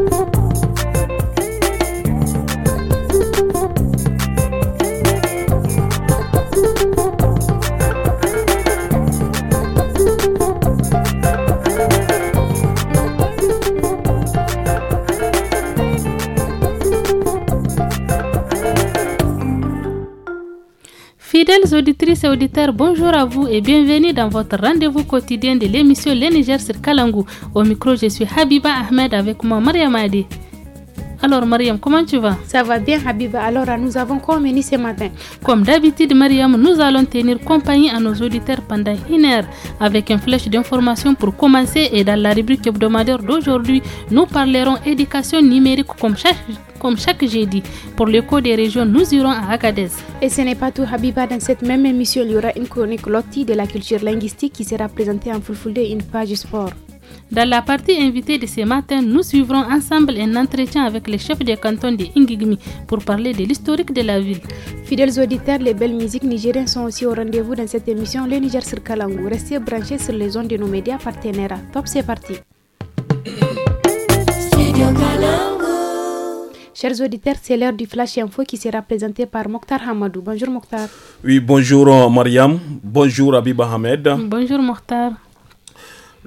Thank you. Fidèles auditrices et auditeurs, bonjour à vous et bienvenue dans votre rendez-vous quotidien de l'émission Les Niger sur Kalangou. Au micro, je suis Habiba Ahmed avec moi, Mariam Adi. Alors Mariam, comment tu vas Ça va bien Habiba. Alors nous avons quoi ce matin Comme d'habitude Mariam, nous allons tenir compagnie à nos auditeurs pendant une heure avec un flèche d'information pour commencer et dans la rubrique hebdomadaire d'aujourd'hui, nous parlerons éducation numérique comme chaque comme chaque jeudi. Pour l'écho des régions, nous irons à Agadez. Et ce n'est pas tout, Habiba. Dans cette même émission, il y aura une chronique Lotti de la culture linguistique qui sera présentée en full de une page sport. Dans la partie invitée de ce matin, nous suivrons ensemble un entretien avec les chefs des cantons de Ingigmi pour parler de l'historique de la ville. Fidèles auditeurs, les belles musiques nigériennes sont aussi au rendez-vous dans cette émission Le Niger sur Kalangu. Restez branchés sur les ondes de nos médias partenaires. Top, c'est parti. Chers auditeurs, c'est l'heure du Flash Info qui sera présenté par Mokhtar Hamadou. Bonjour Mokhtar. Oui, bonjour euh, Mariam. Bonjour Abiba Hamed. Bonjour Mokhtar.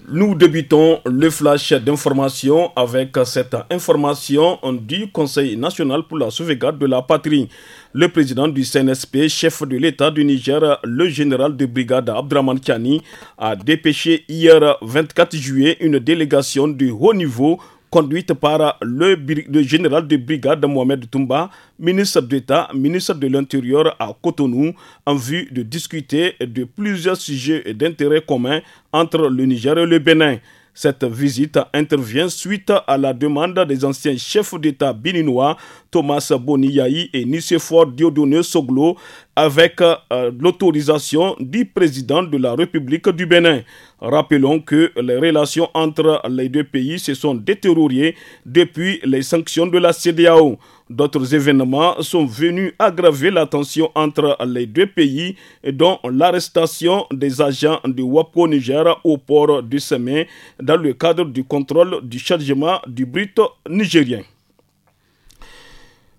Nous débutons le flash d'information avec cette information du Conseil national pour la sauvegarde de la patrie. Le président du CNSP, chef de l'État du Niger, le général de brigade Abdraman Kiani, a dépêché hier 24 juillet une délégation de haut niveau conduite par le, général de brigade Mohamed Toumba, ministre d'État, ministre de l'Intérieur à Cotonou, en vue de discuter de plusieurs sujets d'intérêt commun entre le Niger et le Bénin. Cette visite intervient suite à la demande des anciens chefs d'État béninois Thomas Boniyahi et Nicéphore Diodone Soglo avec euh, l'autorisation du président de la République du Bénin. Rappelons que les relations entre les deux pays se sont détériorées depuis les sanctions de la CDAO. D'autres événements sont venus aggraver la tension entre les deux pays, dont l'arrestation des agents du WAPO Niger au port du Semé dans le cadre du contrôle du chargement du brut nigérien.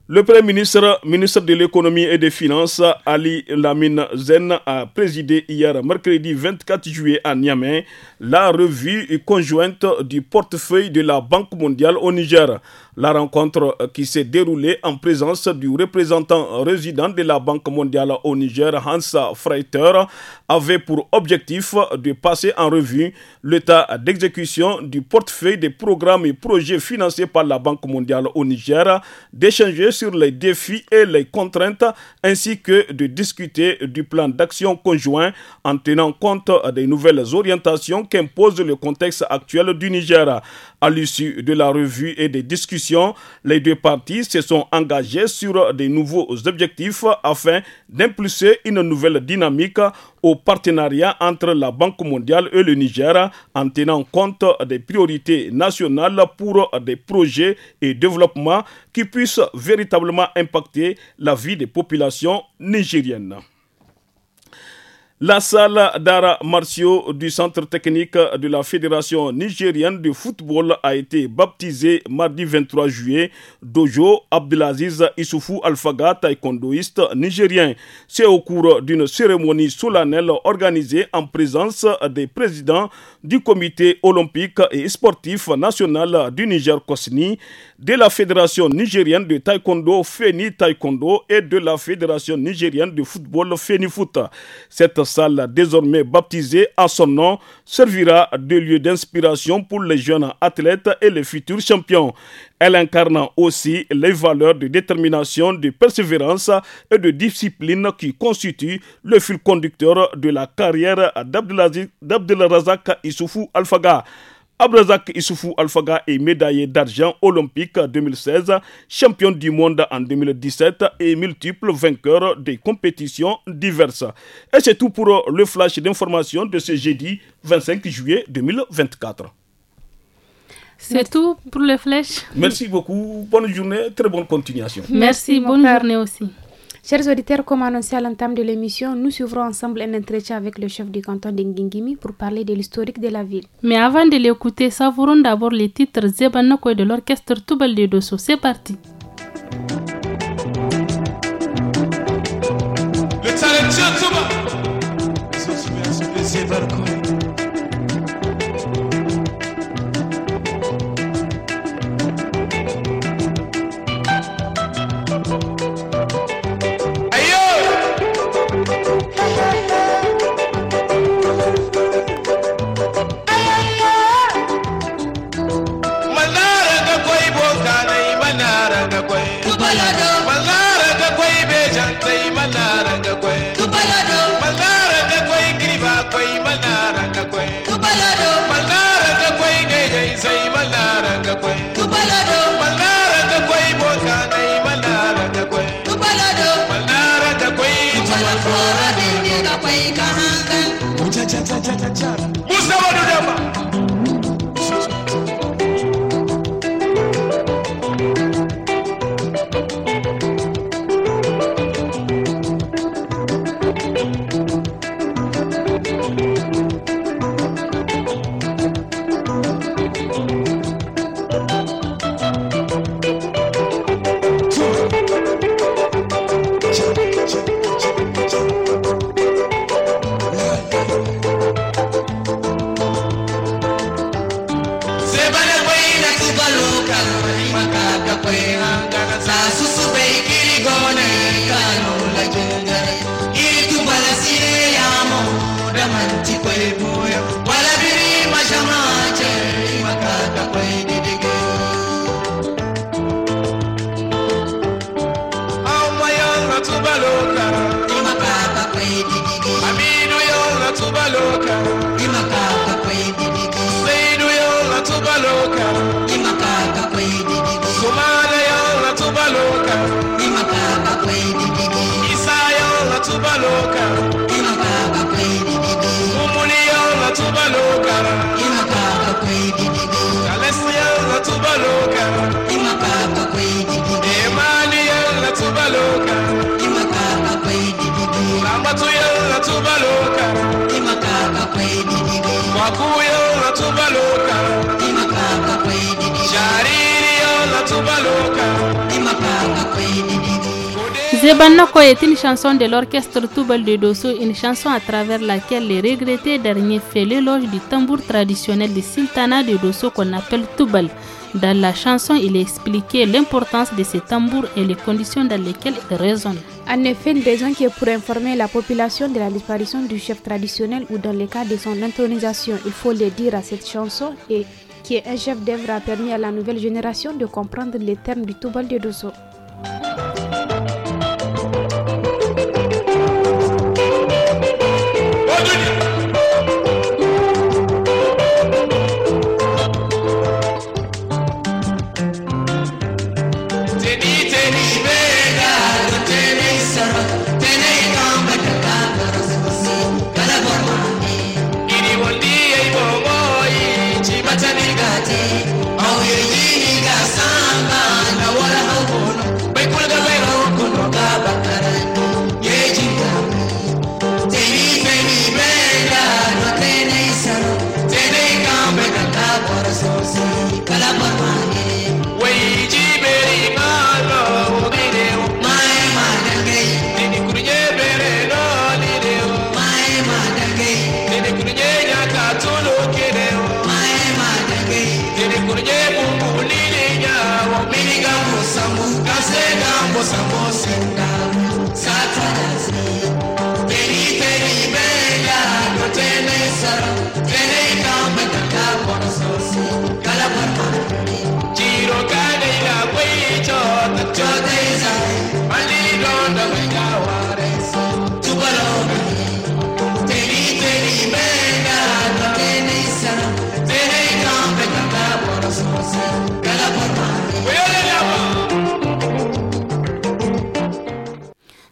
Le Premier ministre, ministre de l'économie et des finances, Ali Lamine Zen, a présidé hier mercredi 24 juillet à Niamey la revue conjointe du portefeuille de la Banque mondiale au Niger. La rencontre euh, qui s'est déroulée en présence du représentant résident de la Banque mondiale au Niger, Hans Freiter, avait pour objectif de passer en revue l'état d'exécution du portefeuille des programmes et projets financés par la Banque mondiale au Niger, d'échanger sur les défis et les contraintes, ainsi que de discuter du plan d'action conjoint en tenant compte des nouvelles orientations qu'impose le contexte actuel du Niger. À l'issue de la revue et des discussions, les deux parties se sont engagées sur de nouveaux objectifs afin d'impulser une nouvelle dynamique au partenariat entre la Banque mondiale et le Niger en tenant compte des priorités nationales pour des projets et développements qui puissent véritablement impacter la vie des populations nigériennes. La salle d'art martiaux du Centre technique de la Fédération nigérienne de football a été baptisée mardi 23 juillet Dojo Abdelaziz Issoufou Alfaga, taekwondoiste nigérien. C'est au cours d'une cérémonie solennelle organisée en présence des présidents du Comité olympique et sportif national du Niger Kosni, de la Fédération nigérienne de taekwondo Feni Taekwondo et de la Fédération nigérienne de football Feni Foot. Cette salle désormais baptisée à son nom servira de lieu d'inspiration pour les jeunes athlètes et les futurs champions. Elle incarne aussi les valeurs de détermination, de persévérance et de discipline qui constituent le fil conducteur de la carrière d'Abdelrazak Issoufou Alfaga. Abrazak Issoufou Alfaga est médaillé d'argent olympique 2016, champion du monde en 2017 et multiple vainqueur des compétitions diverses. Et c'est tout pour le flash d'information de ce jeudi 25 juillet 2024. C'est tout pour le flash. Merci beaucoup. Bonne journée. Très bonne continuation. Merci. Bonne journée aussi. Chers auditeurs, comme annoncé à l'entame de l'émission, nous suivrons ensemble un entretien avec le chef du canton d'Ingingimi pour parler de l'historique de la ville. Mais avant de l'écouter, savourons d'abord les titres Zebanoko de l'orchestre Toubal de Dosso. C'est parti. Le Zebanoko est une chanson de l'orchestre Toubal de Dosso, une chanson à travers laquelle les regrettés derniers fait l'éloge du tambour traditionnel de Sintana de Dosso qu'on appelle Toubal. Dans la chanson, il expliquait l'importance de ce tambour et les conditions dans lesquelles il résonne. En effet, une raison qui est pour informer la population de la disparition du chef traditionnel ou dans le cas de son intronisation. Il faut le dire à cette chanson et qui est un chef d'œuvre, a permis à la nouvelle génération de comprendre les termes du Toubal de Dosso.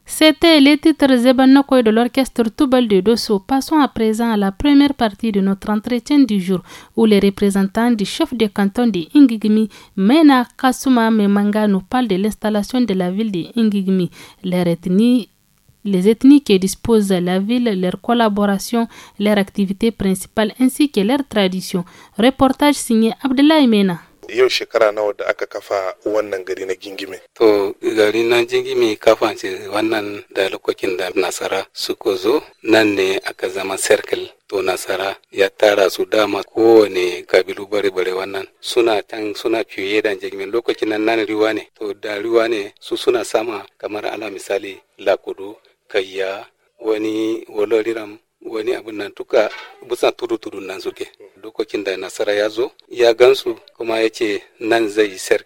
C'était les titres de l'orchestre Toubal de Dosso. Passons à présent à la première partie de notre entretien du jour, où les représentants du chef de canton de Ingigmi, Mena Kasuma Memanga, nous parlent de l'installation de la ville de Ingigmi, les ethnies qui disposent de la ville, leur collaboration, leurs activités principales ainsi que leurs traditions. Reportage signé Abdellah Mena. yau shekara nawa da aka kafa wannan gari na gingime to gari na gingime kafa ce wannan da lokacin da nasara suka zo nan ne aka zama circle to nasara ya tara su dama kowane kabilu bare-bare wannan suna can suna fiye da jirgin lokacin nan nan riwa ne to da riwa ne su suna sama kamar ala misali lakudu kayya wani waloriram wani abin nan tuka busa tudu tudu nan suke dokokin da nasara ya zo ya gansu kuma ya ce nan zai yi shi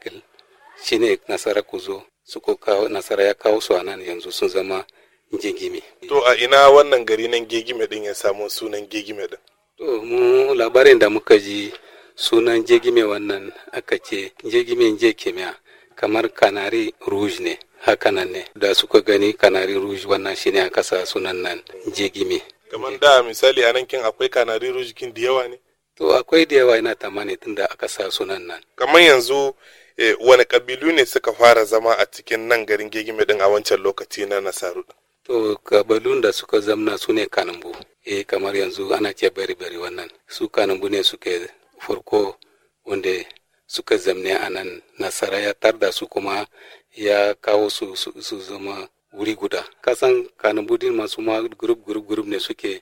shine nasara ku zo su ko kawo nasara ya kawo su a nan yanzu sun zama gegime to a ina wannan gari nan gegime din ya samu sunan gegime din to mu labarin da muka ji sunan jegime wannan aka ce jegime je kimiya kamar kanari rouge ne haka nan ne da suka gani kanari rouge wannan shine aka sa sunan nan jegime kamar da misali a nan kin akwai kanariro jikin da yawa ne to akwai da yawa ina tamani tunda aka sa sunan nan kamar yanzu eh, wani kabilu ne suka fara zama a cikin nan garin gegime din a wancan lokaci na nasaru to kabilun da suka zamna su ne kanumbu eh kamar yanzu ana ce bari bari wannan su kanumbu ne suke farko wanda suka zamne a nan nasara ya tarda su kuma ya kawo su zama wuri guda kasan kanubudin masu ma grup grup grup ne suke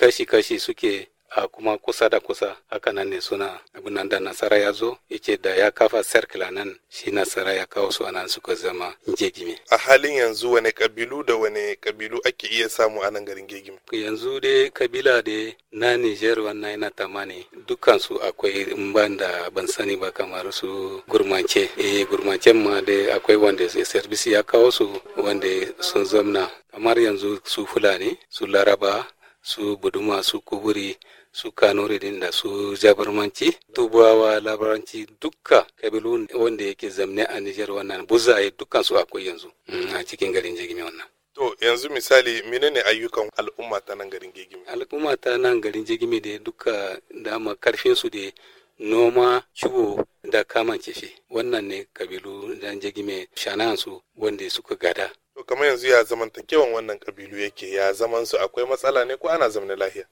kashi kashi suke a kuma kusa da kusa haka nan ne suna abin da nasara ya zo yake da ya kafa circle nan shi nasara ya kawo su anan suka zama gegime a halin yanzu wani kabilu da wani kabilu ake iya samu a nan garin gegime yanzu dai kabila da na Niger wannan yana tamani dukkan su akwai ban da ban sani ba kamar su gurmance eh gurmancen ma dai akwai wanda service ya kawo su wanda sun zamna kamar yanzu su fulani su laraba su buduma su kuburi su Kano redin da su jabarmanci tubawa labaranci dukka kabilu wanda yake zamne a nijar wannan buzaye dukkan su akwai yanzu mm, a cikin garin jigimi wannan To yanzu misali menene ayyukan al'umma ta nan garin jigimi Al'umma ta nan garin jigimi da duka dama karfin su da noma, ciwo da kaman shi Wannan ne kabilu dan jigime shana'ansu wanda suka gada to kamar yanzu ya zamantakewan wannan kabilu yake ya zaman su akwai matsala ne ko ana zamanin lahiya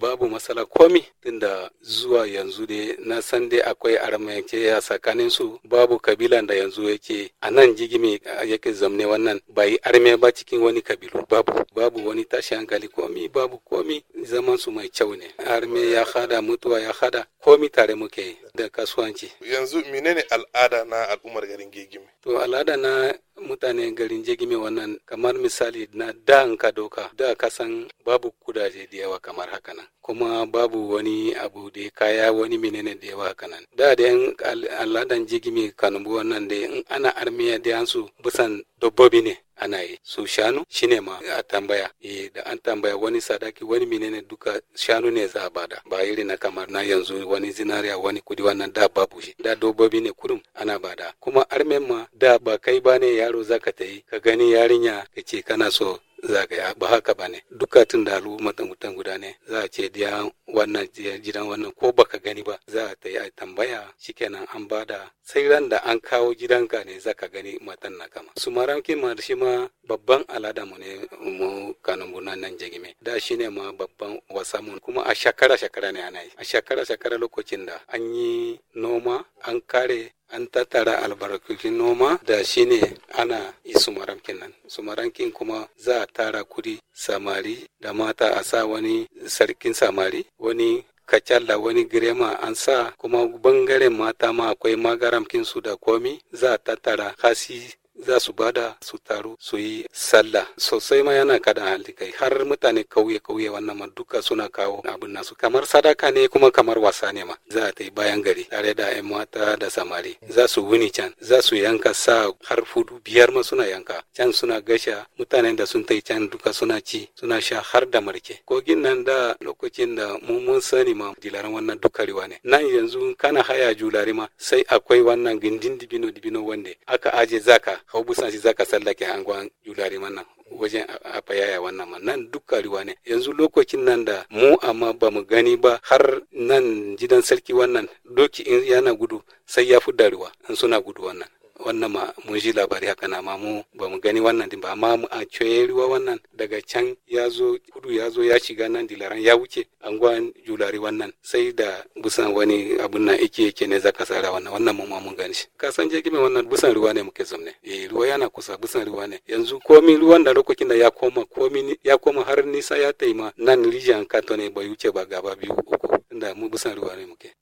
babu matsala komi tunda zuwa yanzu dai na san dai akwai armayanke ya tsakanin su babu kabila da yanzu yake a nan jigime yake zamne wannan bayi arme ba cikin wani kabilu babu babu wani tashi hankali komi babu komi zaman su mai kyau ne arme ya hada mutuwa ya hada komi tare muke da kasuwanci yanzu menene al'ada na al'ummar garin gegime to al'ada na mutane garin jigime wannan kamar misali na da in ka doka da ka san babu kudaje da yawa kamar haka nan kuma babu wani abu da kaya wani menene da yawa haka nan da da yan aladan jigime kanubu wannan da ana armiya da yansu busan dabbobi ne ana yi su shanu shine ma a tambaya eh, da an tambaya wani sadaki wani menene duka shanu ne za a bada ba iri na kamar na yanzu wani zinariya wani kudi wannan da babu shi da dobobi ne kurum ana bada kuma armen ma da ba kai ba ne yaro zaka ta yi ka gani yarinya ka ce kana so zagaya ba haka ba ne duka tun da al'ummar mutan guda ne za a ce diya wannan gidan wannan ko baka gani ba za a ta yi tambaya shikenan an bada sai ran da an kawo gidanka ne zaka gani matan na kama su maramki ma shi ma babban alada mu ne mu kanumbu nan nan jigime da shi ne ma babban wasa kuma a shakara shakara ne ana yi a shakara shakara lokacin da an yi noma an kare an tattara albarkatun noma da shine ana yi maramkin nan maramkin kuma za a tara kudi samari da mata a sa wani sarkin samari wani kacalla wani girema an sa kuma bangaren mata ma akwai magaramkin su da komi za a tattara hasi za su bada su taru su yi sallah sosai ma yana kada hali kai har mutane kauye kauye wannan ma duka suna kawo abin nasu kamar sadaka ne kuma kamar wasa ne ma za ta yi bayan gari tare da yan mata da samari za su wuni can za su yanka sa har fudu biyar ma suna yanka can suna gasha mutanen da sun tai can duka suna ci suna sha har da marke kogin nan da lokacin da mu mun sani ma dilaran wannan dukarewa ne nan yanzu kana haya julari ma sai akwai wannan gindin dibino dibino wanda aka aje zaka hau busan shi zaka sallake angon yulare wannan wajen a wannan ma nan duk karuwa ne yanzu lokacin nan da mu amma ba mu gani ba har nan gidan sarki wannan doki in yana gudu sai ya fi daruwa in suna gudu wannan wannan ma mun ji labari haka na ma mu ba mu gani wannan din ba amma a ruwa wannan daga can ya zo kudu ya zo ya shiga nan dilaran ya wuce anguwan julari wannan sai da busan wani abun nan yake yake ne zaka tsara wannan wannan mu ma mun gani shi ka san jirgin wannan busan ruwa ne muke zamne eh ruwa yana kusa busan ruwa ne yanzu komi ruwan da lokacin da ya koma komi ya koma har nisa ya taima nan rijiyan kanto ne bai wuce ba gaba biyu uku tunda mu busan ruwa ne muke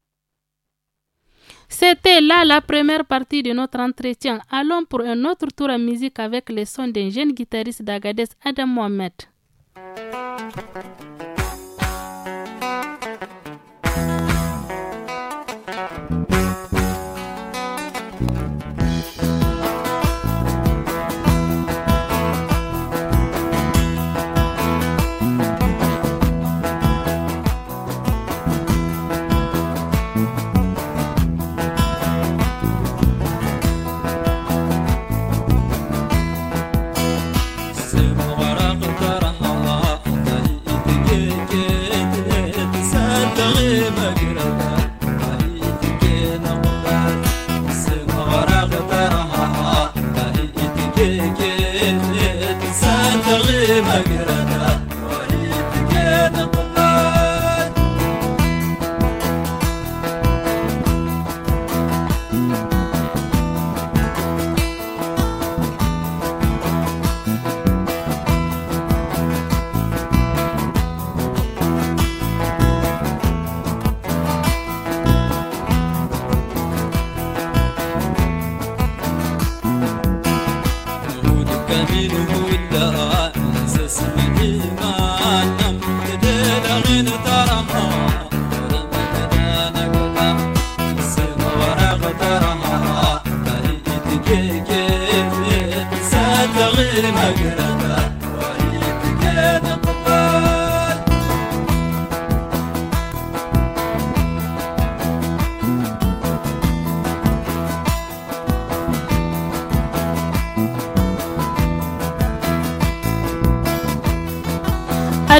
C'était là la première partie de notre entretien. Allons pour un autre tour à musique avec les sons d'un jeune guitariste d'Agadez, Adam Mohamed.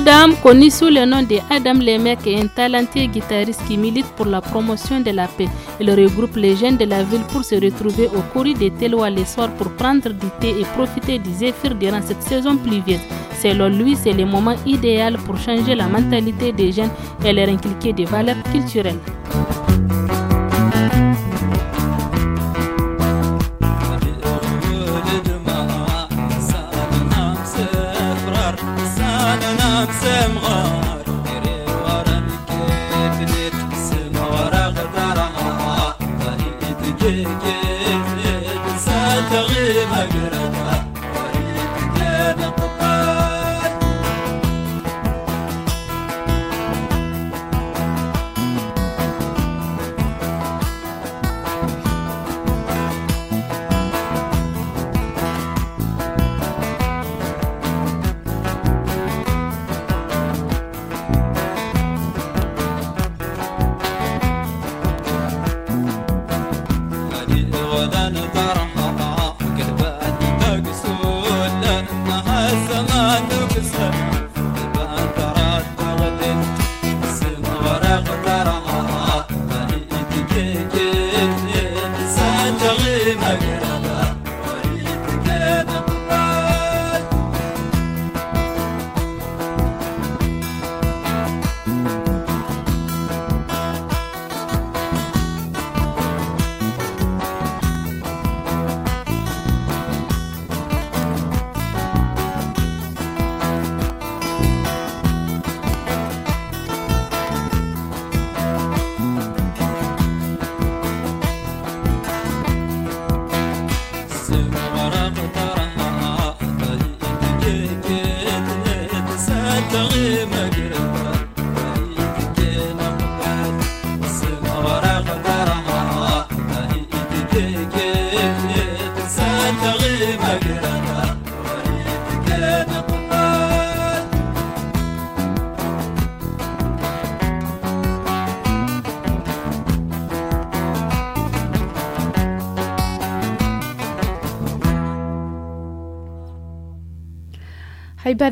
Adam, connu sous le nom de Adam Lemek, est un talentueux guitariste qui milite pour la promotion de la paix. Il regroupe les jeunes de la ville pour se retrouver au courrier des Teloa les soirs pour prendre du thé et profiter du zéphyr durant cette saison pluvieuse. Selon lui, c'est le moment idéal pour changer la mentalité des jeunes et leur inculquer des valeurs culturelles.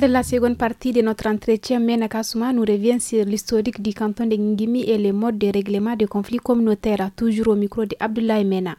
la seconde partie de notre entretien, Mena Kasuma nous revient sur l'historique du canton de Ngimi et les modes de règlement des conflits communautaires, toujours au micro de Abdoulaye Mena.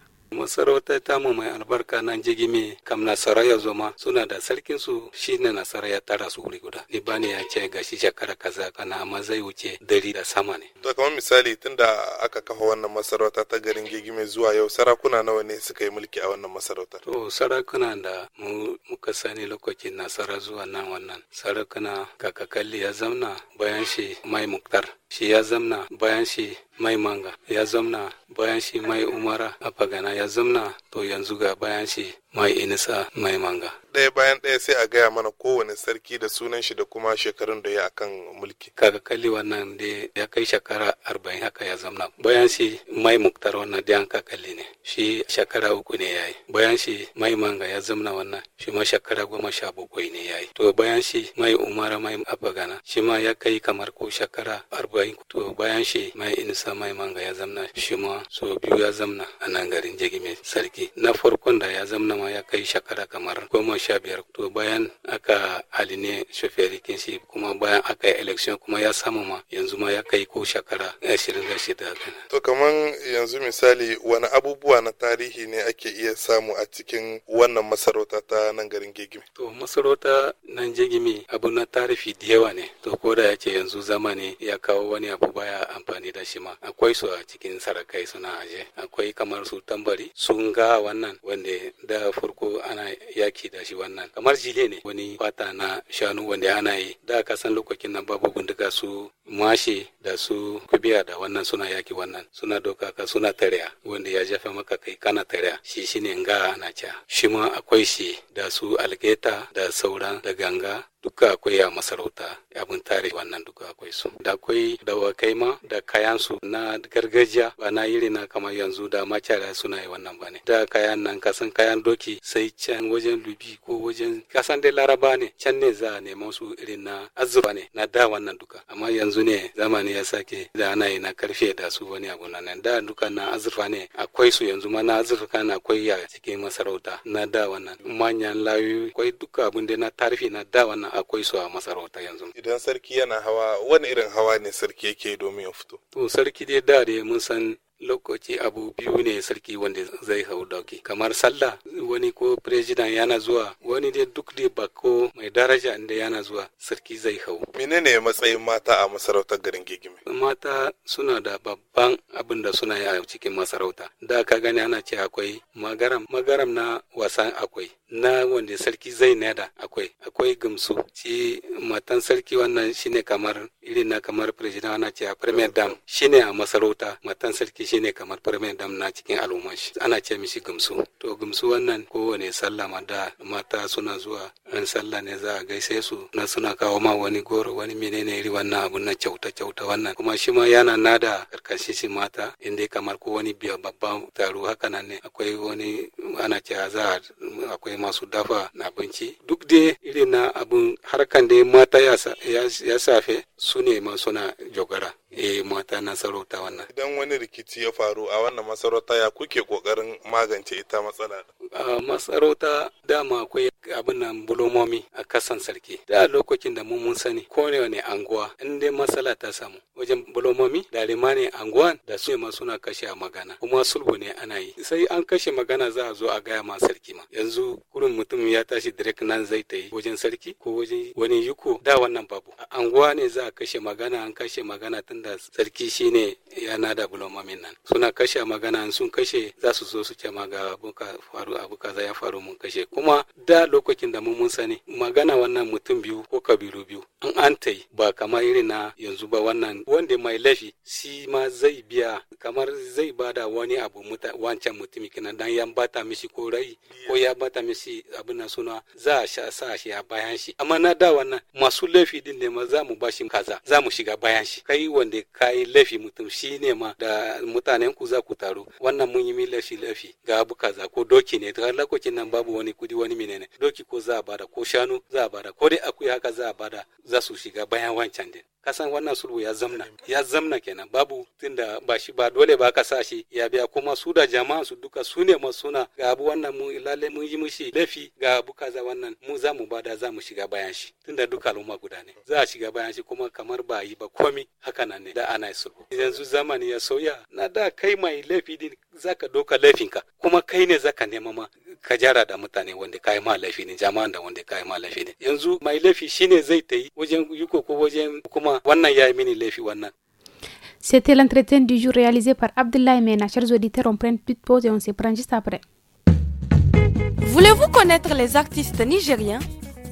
ta mu mai albarka nan jigimi kam nasara ya zoma suna da sarkin su shine nasara ya tara su wuri guda ni bani ya ce gashi shekara kaza kana amma zai wuce dari da sama ne to kamar misali tunda aka kafa wannan masarauta ta garin jigimi zuwa yau sarakuna nawa ne suka yi mulki a wannan masarautar to sarakuna da mu muka sani lokacin nasara zuwa nan wannan sarakuna kakakalli ya zauna bayan shi mai muktar shi ya zamna bayan shi mai manga ya zamna bayan shi mai umara a fagana ya zamna to yanzu ga bayan shi mai inisa mai manga ɗaya bayan ɗaya sai a gaya mana kowane sarki da sunan shi da kuma shekarun da ya akan mulki kaga kalli wannan da ya kai shekara arba'in haka ya zamna bayan shi mai muktar wannan da ka kalli ne shi shekara uku ne yayi bayan shi mai manga ya zamna wannan shi ma shekara goma sha bakwai ne yayi to bayan shi mai umara mai abagana shi ma ya kai kamar ko shekara arba'in to bayan shi mai inisa mai manga ya zamna shi ma so biyu ya zamna a nan garin jigime sarki na farkon da ya zamna zama ya kai shekara kamar goma sha biyar to bayan aka aline shoferi kinsi kuma bayan aka yi election kuma ya samu ma yanzu ma ya kai ko shekara ashirin da shida to kamar yanzu misali wani abubuwa na tarihi ne ake iya samu a cikin wannan masarauta ta nan garin gegime to masarauta nan gegime abu na tarihi da yawa ne to ko da yake yanzu zamani ya kawo wani abu baya amfani da shi ma akwai su a cikin sarakai suna aje akwai kamar su tambari sun ga wannan wanda da farko ana yaki da shi wannan kamar jile ne wani fata na shanu wanda ana yi da ka san lokacin nan babu bindiga su mashe da su kubiya da wannan suna yaki wannan suna doka ka suna tarya wanda ya jafa maka kai kana tarya shi shine nga ana ca shi ma akwai shi da su algeta da sauran da ganga duka akwai a masarauta abin tare wannan duka akwai su da akwai dawakai ma da kayan su na gargajiya ba na iri na kamar yanzu da macara suna yi wannan bane da kayan nan kasan kayan doki sai can wajen lubi ko wajen kasan dai laraba ne can ne za a neman su irin na azuba ne na da wannan duka amma yanzu ne zamani ya sake da ana yi na karfe da su wani abu nan da duka na azurfa ne akwai su yanzu ma na azurfa na akwai ya cikin masarauta na da wannan manyan layoyi akwai duka abin da na tarifi na da wannan akwai su a masarauta yanzu idan sarki yana hawa wani irin hawa ne sarki yake domin ya fito to sarki dai da dai mun san lokaci abu biyu ne sarki wanda zai hau dauki kamar sallah wani ko president yana zuwa wani dai duk da bako mai daraja inda yana zuwa sarki zai hau menene matsayin mata a masarautar garin gigime mata suna da babban abin da suna yi a cikin masarauta da ka gani ana ce akwai magaram magaram na wasan akwai na wanda sarki zai nada akwai akwai gamsu shi matan sarki wannan shine kamar irin na kamar president ana ce a premier dam shine a masarauta matan sarki shine kamar premier dam na cikin al'umma shi ana ce mishi gamsu to gamsu wannan kowane sallama da mata suna zuwa in sallah ne za a gaishe su na suna kawo ma wani goro wani menene iri wannan abun na kyauta kyauta wannan kuma shi ma yana nada karkashin shi mata inda kamar ko wani biya babban taro haka nan ne akwai wani ana cewa za akwai masu dafa na abinci duk da irin na abun harkan da mata ya safe su ne ma suna jogara eh mata na sarauta wannan idan wani rikici ya faru a wannan masarauta ya kuke kokarin magance ita matsala a masarauta dama akwai abin nan bulomomi a kasan sarki da lokacin da mun sani ko ne wani anguwa in dai masala ta samu wajen bulomomi da limani anguwan da su ma suna kashe magana kuma sulhu ne ana yi sai an kashe magana za a zo a gaya ma sarki ma yanzu kurin mutum ya tashi direct nan zai ta yi wajen sarki ko wajen wani yuko da wannan babu anguwa ne za a kashe magana an kashe magana tun da sarki shine ya nada bulomomin nan suna kashe magana sun kashe za su zo su ce ma ga faru abu kaza ya faru mun kashe kuma da lokacin da mun sani magana wannan mutum biyu ko kabiru biyu an an ta ba kamar irin na yanzu ba wannan wanda mai laifi shi ma zai biya kamar zai bada wani abu muta wancan mutumi kina dan ya bata mishi ko rai ko ya bata mishi abin na suna za a sha sa shi a bayan shi amma na da wannan masu laifi din ne ma za mu bashi kaza za mu shiga bayan shi kai wanda da kayi laifi mutum shi ne ma da mutanen ku za ku taru wannan mun yi min laifi laifi ga abu kaza ko doki ne da lokacin nan babu wani kudi wani menene doki ko za a bada ko shanu za a bada ko dai akwai haka za a bada za su shiga bayan wancan din kasan wannan sulhu ya zamna ya zamna kenan babu tunda ba shi ba dole ba ka sa shi ya biya kuma su da jama'an su duka su ne masu suna ga abu wannan mu lalle mun yi mishi laifi ga abu kaza wannan mu za mu bada za mu shiga bayan shi tunda duka al'umma guda ne za a shiga bayan shi kuma kamar ba yi ba komi haka nan ne da ana sulhu yanzu zamani ya sauya na da kai mai laifi din zaka doka laifinka kuma kai ne zaka nema ma ka jara da mutane wanda kai ma laifi ne jama'an da wanda kai ma laifi ne yanzu mai laifi shine zai ta yi wajen yuko ko wajen kuma wannan ya yi mini laifi wannan C'était l'entretien du jour réalisé par Abdoulaye Mena. Chers auditeurs, on prend une petite pause et on se prend juste après. Voulez-vous connaître les artistes nigériens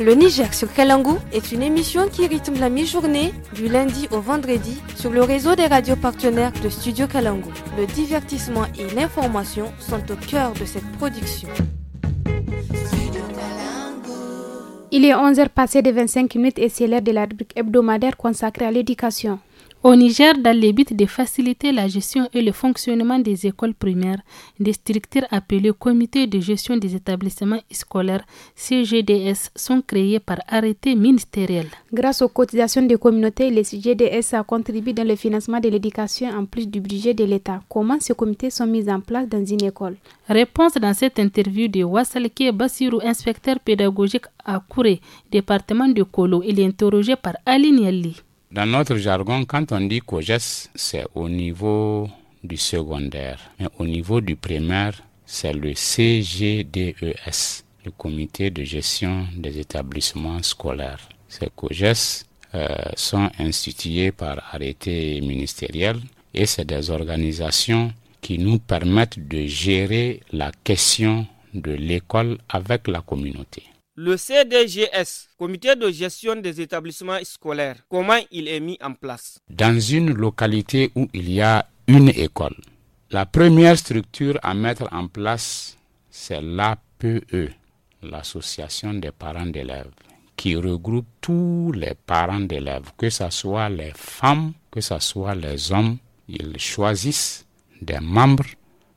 Le Niger sur Kalangu est une émission qui rythme la mi-journée du lundi au vendredi sur le réseau des radios partenaires de Studio Kalangu. Le divertissement et l'information sont au cœur de cette production. Il est 11h passé de 25 minutes et c'est l'heure de la rubrique hebdomadaire consacrée à l'éducation. Au Niger, dans le but de faciliter la gestion et le fonctionnement des écoles primaires, des structures appelées Comité de gestion des établissements scolaires, CGDS, sont créées par arrêté ministériel. Grâce aux cotisations des communautés, les CGDS contribuent dans le financement de l'éducation en plus du budget de l'État. Comment ces comités sont mis en place dans une école Réponse dans cette interview de Wassalke Bassirou, inspecteur pédagogique à Kouré, département de Kolo. Il est interrogé par Aline Yali. Dans notre jargon, quand on dit COGES, c'est au niveau du secondaire. Mais au niveau du primaire, c'est le CGDES, le comité de gestion des établissements scolaires. Ces COGES euh, sont institués par arrêté ministériel et c'est des organisations qui nous permettent de gérer la question de l'école avec la communauté. Le CDGS, Comité de gestion des établissements scolaires, comment il est mis en place Dans une localité où il y a une école, la première structure à mettre en place, c'est l'APE, l'Association des parents d'élèves, qui regroupe tous les parents d'élèves, que ce soit les femmes, que ce soit les hommes. Ils choisissent des membres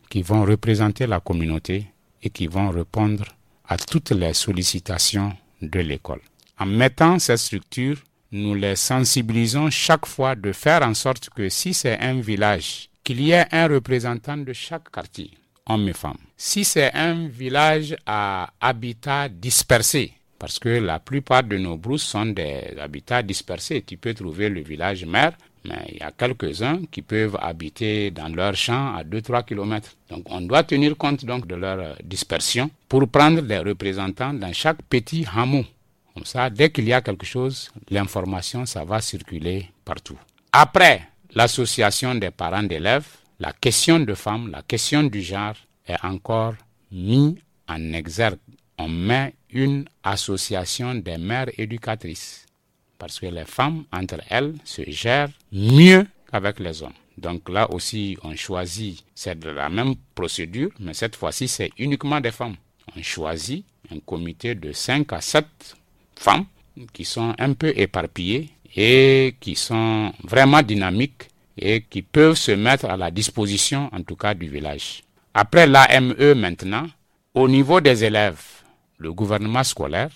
qui vont représenter la communauté et qui vont répondre à toutes les sollicitations de l'école. En mettant cette structure, nous les sensibilisons chaque fois de faire en sorte que si c'est un village, qu'il y ait un représentant de chaque quartier, hommes et femmes. Si c'est un village à habitat dispersé, parce que la plupart de nos brousses sont des habitats dispersés, tu peux trouver le village mère mais il y a quelques-uns qui peuvent habiter dans leur champ à 2-3 km. Donc on doit tenir compte donc de leur euh, dispersion pour prendre des représentants dans chaque petit hameau. Comme ça, dès qu'il y a quelque chose, l'information, ça va circuler partout. Après l'association des parents d'élèves, la question de femmes, la question du genre est encore mise en exergue. On met une association des mères éducatrices parce que les femmes, entre elles, se gèrent mieux qu'avec les hommes. Donc là aussi, on choisit, c'est de la même procédure, mais cette fois-ci, c'est uniquement des femmes. On choisit un comité de 5 à 7 femmes qui sont un peu éparpillées et qui sont vraiment dynamiques et qui peuvent se mettre à la disposition, en tout cas, du village. Après l'AME maintenant, au niveau des élèves, le gouvernement scolaire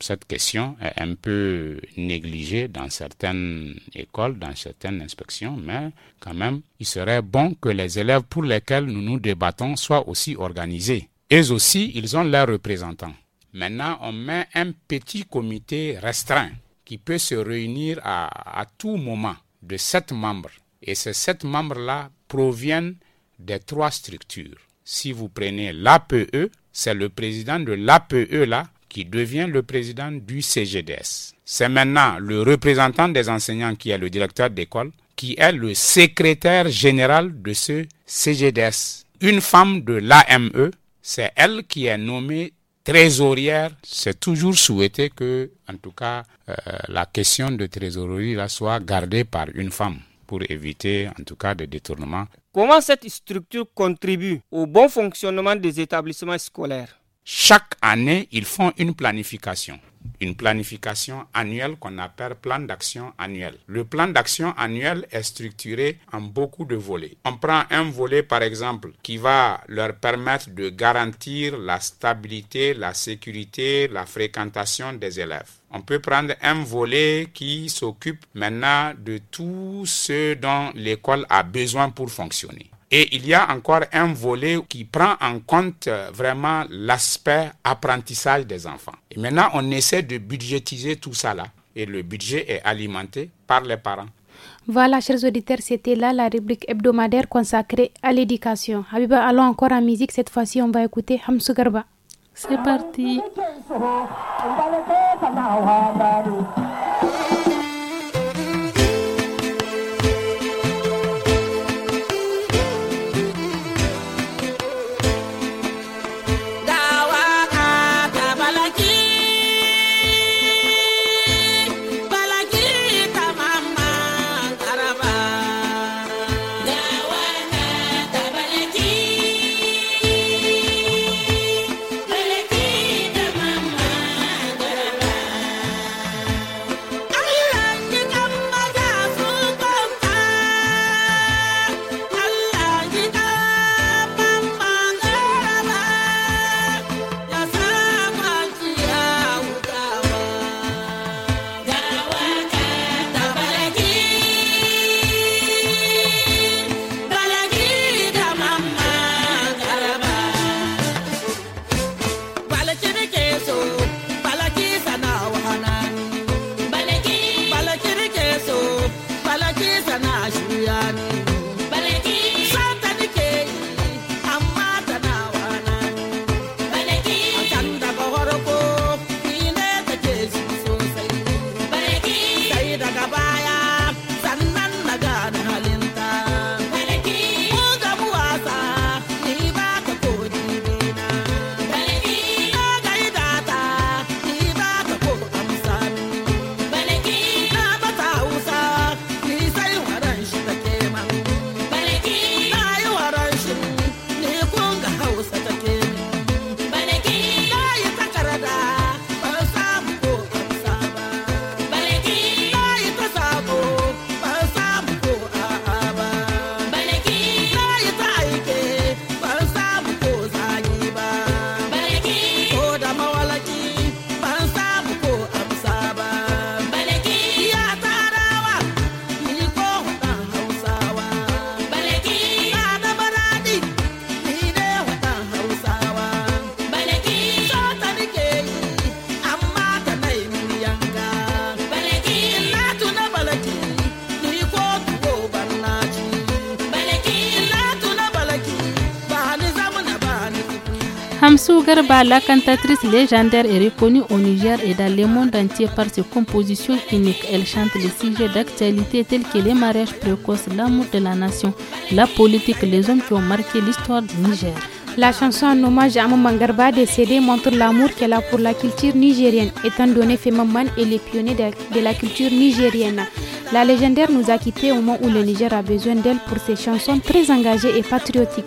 cette question est un peu négligée dans certaines écoles, dans certaines inspections, mais quand même, il serait bon que les élèves pour lesquels nous nous débattons soient aussi organisés. Eux aussi, ils ont leurs représentants. Maintenant, on met un petit comité restreint qui peut se réunir à, à tout moment de sept membres. Et ces sept membres-là proviennent des trois structures. Si vous prenez l'APE, c'est le président de l'APE là qui devient le président du CGDS. C'est maintenant le représentant des enseignants qui est le directeur d'école, qui est le secrétaire général de ce CGDS. Une femme de l'AME, c'est elle qui est nommée trésorière. C'est toujours souhaité que, en tout cas, euh, la question de trésorerie là, soit gardée par une femme pour éviter, en tout cas, des détournements. Comment cette structure contribue au bon fonctionnement des établissements scolaires chaque année, ils font une planification une planification annuelle qu'on appelle plan d'action annuel. Le plan d'action annuel est structuré en beaucoup de volets. On prend un volet par exemple qui va leur permettre de garantir la stabilité, la sécurité, la fréquentation des élèves. On peut prendre un volet qui s'occupe maintenant de tout ce dont l'école a besoin pour fonctionner. Et il y a encore un volet qui prend en compte euh, vraiment l'aspect apprentissage des enfants. Et maintenant, on essaie de budgétiser tout ça là. Et le budget est alimenté par les parents. Voilà, chers auditeurs, c'était là la rubrique hebdomadaire consacrée à l'éducation. Habiba, allons encore en musique. Cette fois-ci, on va écouter Hamsou Garba. C'est parti. la cantatrice légendaire, est reconnue au Niger et dans le monde entier par ses compositions uniques. Elle chante les sujets d'actualité tels que les mariages précoces, l'amour de la nation, la politique, les hommes qui ont marqué l'histoire du Niger. La chanson en hommage à Mangarba Garba décédée montre l'amour qu'elle a pour la culture nigérienne, étant donné que et est les pionniers de, la culture nigérienne. La légendaire nous a quittés au moment où le Niger a besoin d'elle pour ses chansons très engagées et patriotiques.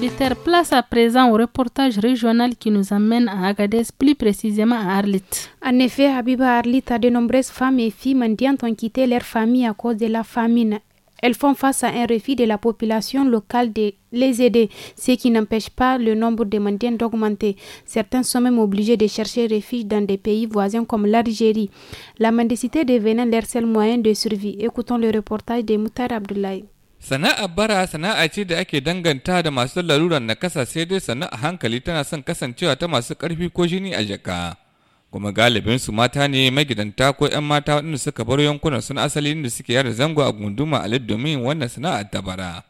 auditeurs, place à présent au reportage régional qui nous amène à Agadez, plus précisément à Arlit. En effet, Habiba Arlit a de nombreuses femmes et filles mendiantes ont quitté leur famille à cause de la famine. Elles font face à un refus de la population locale de les aider, ce qui n'empêche pas le nombre de mendiants d'augmenter. Certains sont même obligés de chercher refuge dans des pays voisins comme l'Algérie. La mendicité devenant leur seul moyen de survie. Écoutons le reportage de Moutar Abdoulaye. Sana'a bara sana'a ce da ake danganta da masu larurar nakasa sai dai sana'a hankali tana son kasancewa ta masu karfi ko jini a jaka. Kuma su mata ne magidanta ko 'yan mata waɗanda suka bar yankunan suna asali da suke yada zango a gunduma a domin wannan sana'a ta bara.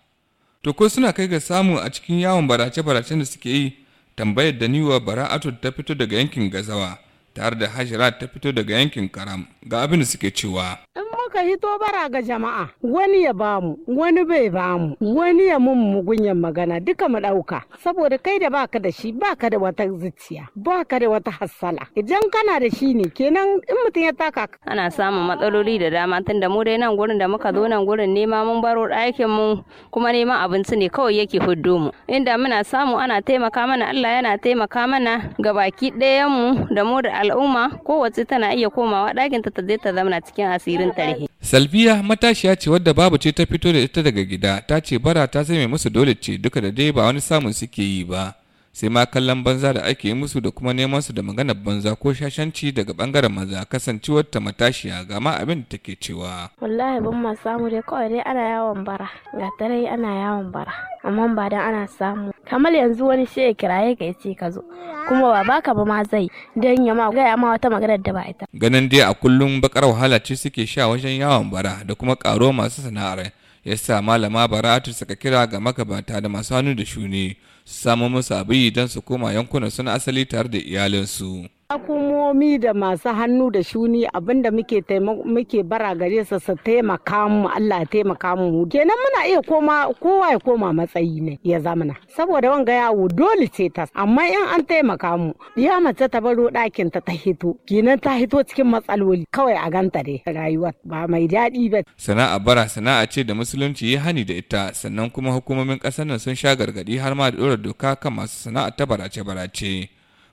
To ko suna kai ga samu a cikin yawon barace-baracen da suke yi tambayar da niwa bara'atu ta fito daga yankin gazawa. tare da hajara ta fito daga yankin karam ga abin da suke cewa In muka hito bara ga jama'a wani ya bamu wani bai bamu wani ya mun mugunyan magana duka mu ɗauka saboda kai da baka da shi baka da wata zuciya baka da wata hassala idan kana da shi ne kenan in mutum ya taka ana samun matsaloli da dama tunda mu dai nan gurin da muka zo nan gurin nema mun baro ɗakin mu kuma neman abinci ne kawai yake huddo mu inda muna samu ana taimaka mana Allah yana taimaka mana ga baki ɗayan mu da mu da al'umma kowace tana iya komawa ɗakinta ta zai ta zamana cikin asirin tarihi. Salbiya matashiya ce wadda babu ce ta fito da ita daga gida ta ce bara ta zame musu dole ce duka da dai ba wani samun suke yi ba. sai ma kallon banza da ake yi musu da kuma neman su da maganar banza ko shashanci daga bangaren maza kasancewar ta matashiya ga ma abin da take cewa wallahi ban ma samu dai kawai dai ana yawon bara ga tare ana yawon bara amma ba dan ana samu kamar yanzu wani shi ya kiraye ka ce ka zo kuma ba baka ba ma zai dan ya ma gaya ma wata maganar da ba ita ganin dai a kullum bakar wahala ce suke sha wajen yawon bara da kuma karo masu sana'ar yasa malama baratu suka kira ga makabata da masu hannu da shuni samun musu abin don su koma yankunan suna asali tare da iyalinsu. hukumomi da masu hannu da shuni abinda muke muke bara gare su su taimaka mu Allah ya taimaka mu kenan muna iya koma kowa ya koma matsayi ne ya zamana saboda wanga yawo dole ce ta amma in an taimaka mu ya mace ta baro ɗakin ta ta hito kenan ta hito cikin matsaloli kawai a ganta dai rayuwa ba mai daɗi ba sana'a bara sana'a ce da musulunci ya hani da ita sannan kuma hukumomin ƙasar nan sun sha gargaɗi har ma da ɗora doka kan masu sana'a ta barace barace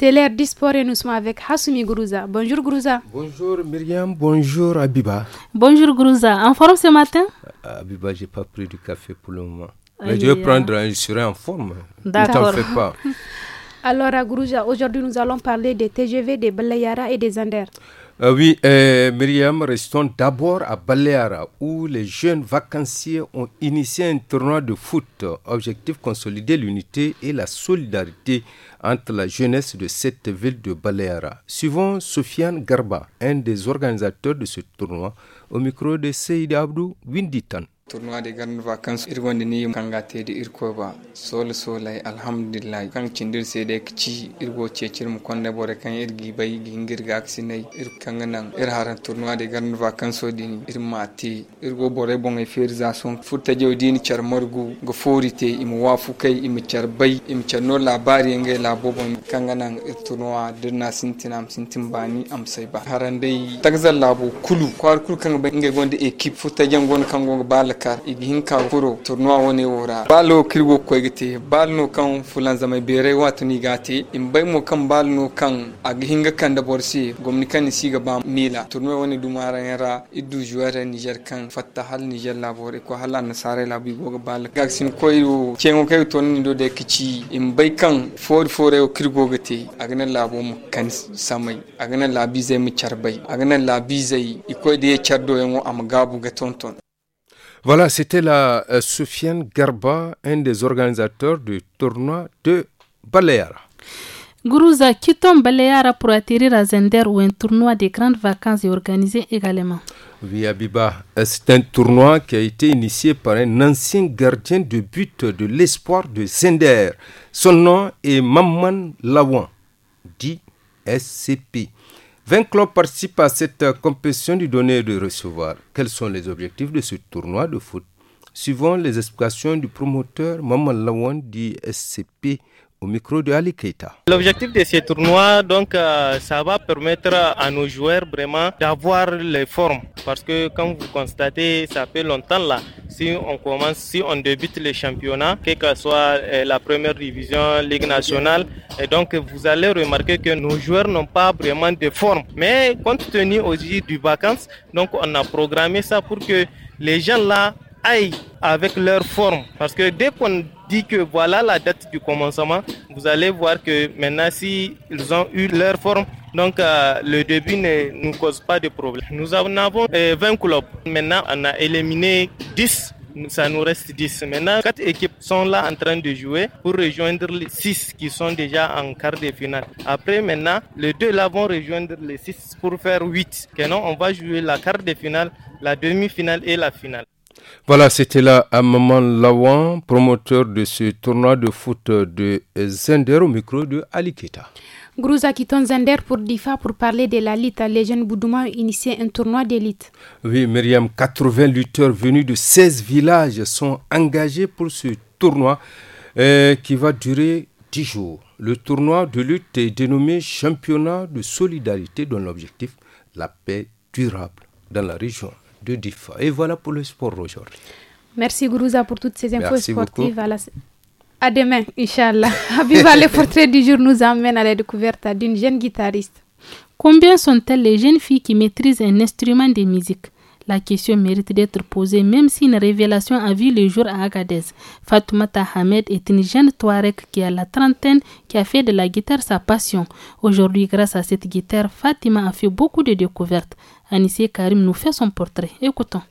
C'est l'air du sport et nous sommes avec Hassoumi Gourouza. Bonjour Gourouza. Bonjour Myriam, bonjour Abiba. Bonjour Gourouza. En forme ce matin euh, Abiba, je n'ai pas pris du café pour le moment. Mais je vais prendre, hein, je serai en forme. D'accord. Ne t'en fais pas. Alors à euh, aujourd'hui nous allons parler des TGV, des Balayara et des Anders. Euh, oui, euh, Myriam, restons d'abord à Baleara, où les jeunes vacanciers ont initié un tournoi de foot. Objectif consolider l'unité et la solidarité entre la jeunesse de cette ville de Baleara. Suivons Sofiane Garba, un des organisateurs de ce tournoi, au micro de Seyd Abdou Winditan. tournoi de grande vacances irgonde ni kanga tede irko ba sol solay alhamdulillah kan cindir sede kici irgo cecir mu konde bore kan irgi bay gingir ga aksinai ir kan nan ir har tournoi de grande vacances dini ir mati irgo bore bon e ferzation furta jewdini char morgu go forite im wafu kai im char bay im char no bari nge la bon kan nan ir tournoi de na sintinam sintin bani am sai ba harande dai tagzal labo kulu kwar kul kan bay nge gonde equipe furta jangon kango bala dakar igihin hinka turnuwa wani wura balo kirgo kwegite balno kan fulan zamai bere wato ni gati in bai mu kan balno kan agi hinga kan da borsi gomni kan si ga ba mila turnuwa wani dumara yara idu juwara niger kan fatta e hal niger labore ko hala nasare labi go sin koi koyro cengo kai ton ni do de kici in bai kan for fore kirgo gate ganin labo mu kan samai a ganin labi zai mu carbai ganin labi zai ikoy de cardo a am gabu ga tonton Voilà, c'était la euh, Sofiane Soufiane Garba, un des organisateurs du tournoi de Baleara. Gourouza, quittons Baleara pour atterrir à Zender où un tournoi des grandes vacances est organisé également. Oui, Abiba, euh, c'est un tournoi qui a été initié par un ancien gardien de but de l'espoir de Zender. Son nom est Maman Lawan, dit SCP. 20 clubs participent à cette compétition du donner et de recevoir. Quels sont les objectifs de ce tournoi de foot Suivant les explications du promoteur Maman Lawan du SCP au micro de Ali Keita. L'objectif de ces tournois, donc, euh, ça va permettre à nos joueurs vraiment d'avoir les formes. Parce que, comme vous constatez, ça fait longtemps là. Si on commence, si on débute les championnats, quelle que soit euh, la première division, Ligue nationale, et donc vous allez remarquer que nos joueurs n'ont pas vraiment de forme. Mais compte tenu aussi du vacances, donc on a programmé ça pour que les gens là aillent avec leur forme. Parce que dès qu'on dit que voilà la date du commencement. Vous allez voir que maintenant, s'ils ils ont eu leur forme, donc euh, le début ne nous cause pas de problème. Nous en avons 20 euh, clubs. Maintenant, on a éliminé 10 ça nous reste 10. Maintenant, 4 équipes sont là en train de jouer pour rejoindre les 6 qui sont déjà en quart de finale. Après, maintenant, les deux là vont rejoindre les 6 pour faire 8. Maintenant, non, on va jouer la quart de finale, la demi-finale et la finale. Voilà, c'était là Amaman Lawan, promoteur de ce tournoi de foot de Zender au micro de Ali Keta. Grouza Zender pour DIFA pour parler de la lutte. Les jeunes Boudouma ont initié un tournoi d'élite. Oui, Myriam, 80 lutteurs venus de 16 villages sont engagés pour ce tournoi euh, qui va durer 10 jours. Le tournoi de lutte est dénommé Championnat de solidarité dont l'objectif la paix durable dans la région de DIFA. Et voilà pour le sport aujourd'hui. Merci Gourouza pour toutes ces infos sportives. À, demain, Inch'Allah. Habiba, le portrait du jour nous amène à la découverte d'une jeune guitariste. Combien sont-elles les jeunes filles qui maîtrisent un instrument de musique la question mérite d'être posée même si une révélation a vu le jour à Agadez. Fatoumata Hamed est une jeune Touareg qui a la trentaine qui a fait de la guitare sa passion. Aujourd'hui, grâce à cette guitare, Fatima a fait beaucoup de découvertes et Karim nous fait son portrait. Écoutons.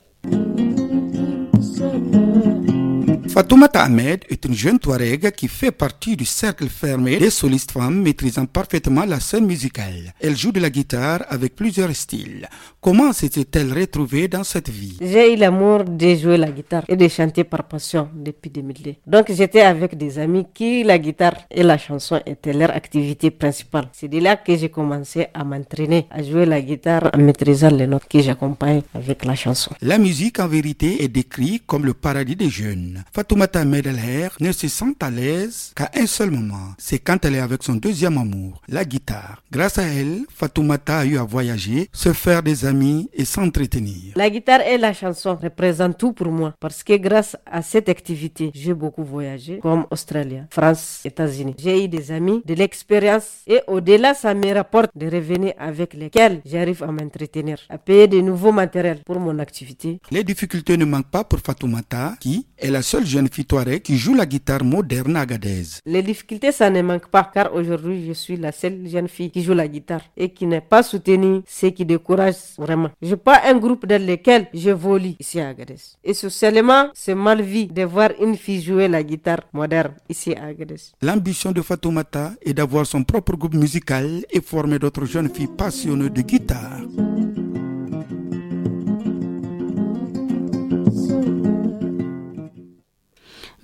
Fatoumata Ahmed est une jeune Touareg qui fait partie du cercle fermé des solistes femmes maîtrisant parfaitement la scène musicale. Elle joue de la guitare avec plusieurs styles. Comment s'était-elle retrouvée dans cette vie J'ai eu l'amour de jouer la guitare et de chanter par passion depuis 2002. Donc j'étais avec des amis qui la guitare et la chanson étaient leur activité principale. C'est de là que j'ai commencé à m'entraîner à jouer la guitare en maîtrisant les notes que j'accompagne avec la chanson. La musique en vérité est décrite comme le paradis des jeunes. Fatoumata Medelher ne se sent à l'aise qu'à un seul moment. C'est quand elle est avec son deuxième amour, la guitare. Grâce à elle, Fatoumata a eu à voyager, se faire des amis et s'entretenir. La guitare et la chanson représentent tout pour moi parce que grâce à cette activité, j'ai beaucoup voyagé comme Australie, France, États-Unis. J'ai eu des amis, de l'expérience et au-delà, ça me rapporte de revenir avec lesquels j'arrive à m'entretenir, à payer de nouveaux matériels pour mon activité. Les difficultés ne manquent pas pour Fatoumata qui est la seule jeune fille qui joue la guitare moderne à Gadez. Les difficultés, ça ne manque pas car aujourd'hui, je suis la seule jeune fille qui joue la guitare et qui n'est pas soutenue, ce qui décourage vraiment. Je n'ai pas un groupe dans lequel je vole ici à Agadez. Et ce seulement c'est mal vu de voir une fille jouer la guitare moderne ici à Agadez. L'ambition de Fatoumata est d'avoir son propre groupe musical et former d'autres jeunes filles passionnées de guitare.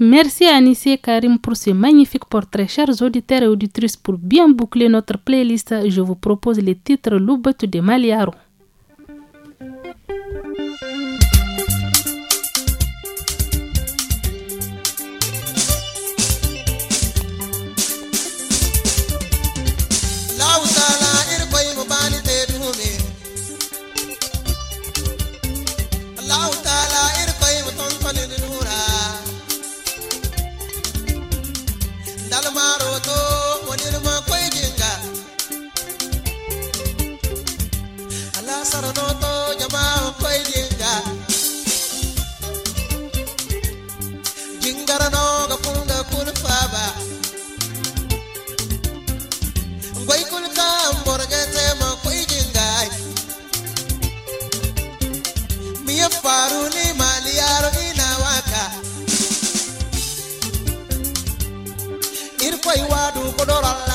Merci à et Karim pour ces magnifiques portraits, Chers auditeurs et auditrices, pour bien boucler notre playlist, je vous propose les titres Loubet de Maliaro. odor alla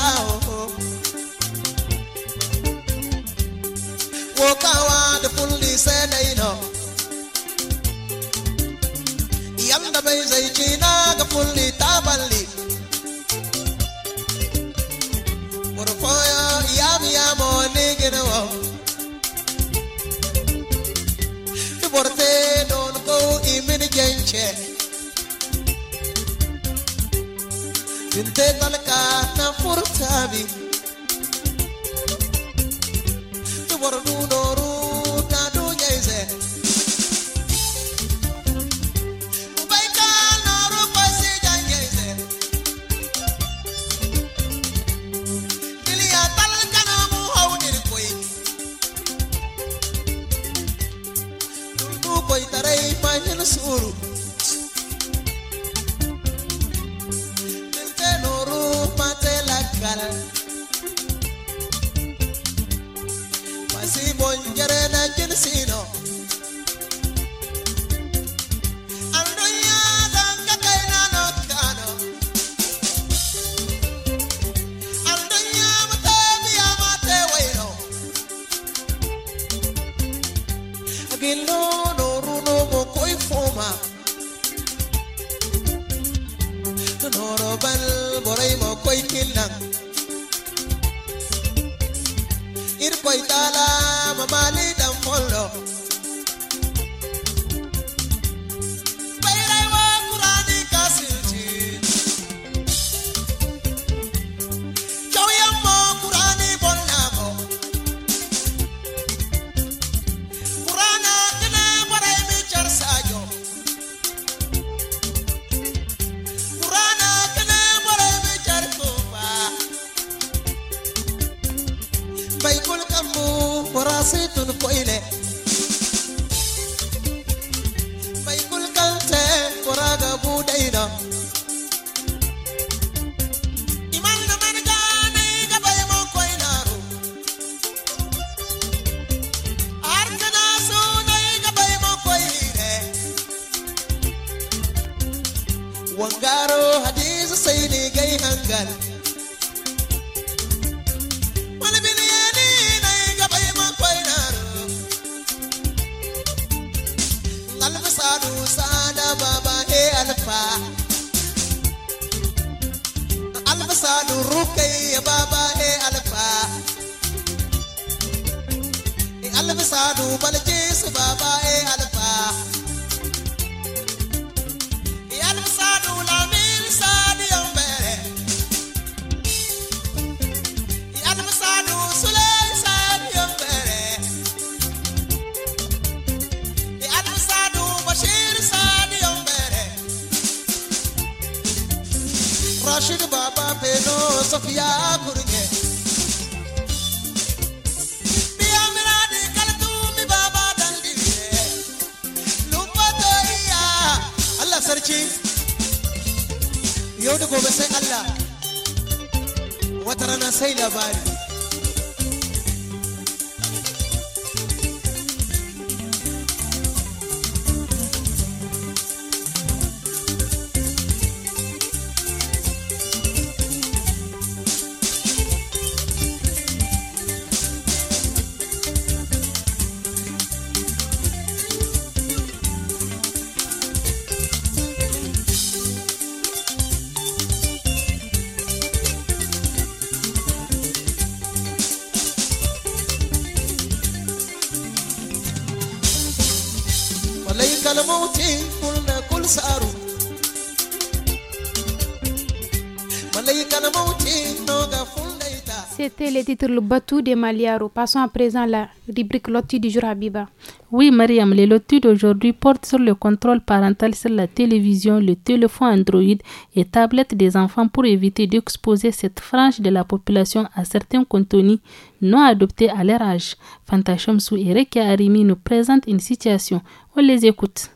C'était le titre « Le C'était le titre Batou de Maliaro. Passons à présent la rubrique Lotti du jour Habiba. Oui, Mariam, les lotus d'aujourd'hui portent sur le contrôle parental sur la télévision, le téléphone Android et tablette des enfants pour éviter d'exposer cette frange de la population à certains contenus non adoptés à leur âge. Fantachom Sou et Arimi nous présentent une situation. On les écoute.